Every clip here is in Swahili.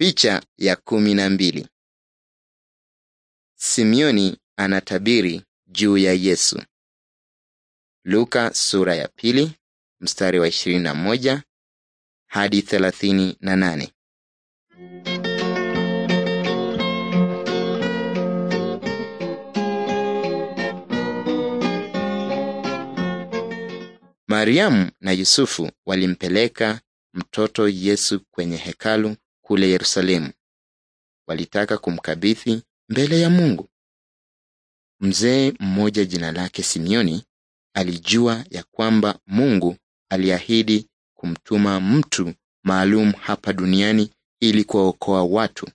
Picha ya kumi na mbili. Simioni anatabiri juu ya Yesu. Luka sura ya pili mstari wa moja hadi nane. Mariamu na Yusufu walimpeleka mtoto Yesu kwenye hekalu kule Yerusalemu walitaka kumkabidhi mbele ya Mungu. Mzee mmoja jina lake Simioni alijua ya kwamba Mungu aliahidi kumtuma mtu maalum hapa duniani ili kuwaokoa watu.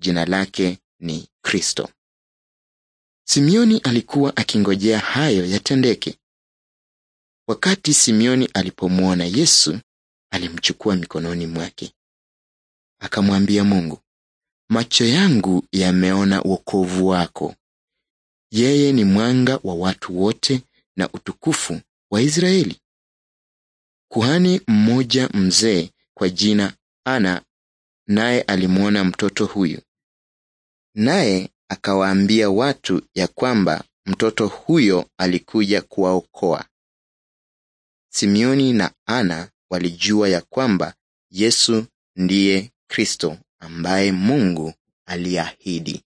Jina lake ni Kristo. Simioni alikuwa akingojea hayo yatendeke. Wakati Simioni alipomwona Yesu, alimchukua mikononi mwake Akamwambia Mungu, macho yangu yameona wokovu wako. Yeye ni mwanga wa watu wote na utukufu wa Israeli. Kuhani mmoja mzee kwa jina Ana naye alimwona mtoto huyu. Naye akawaambia watu ya kwamba mtoto huyo alikuja kuwaokoa. Simeoni na Ana walijua ya kwamba Yesu ndiye Kristo ambaye Mungu aliahidi.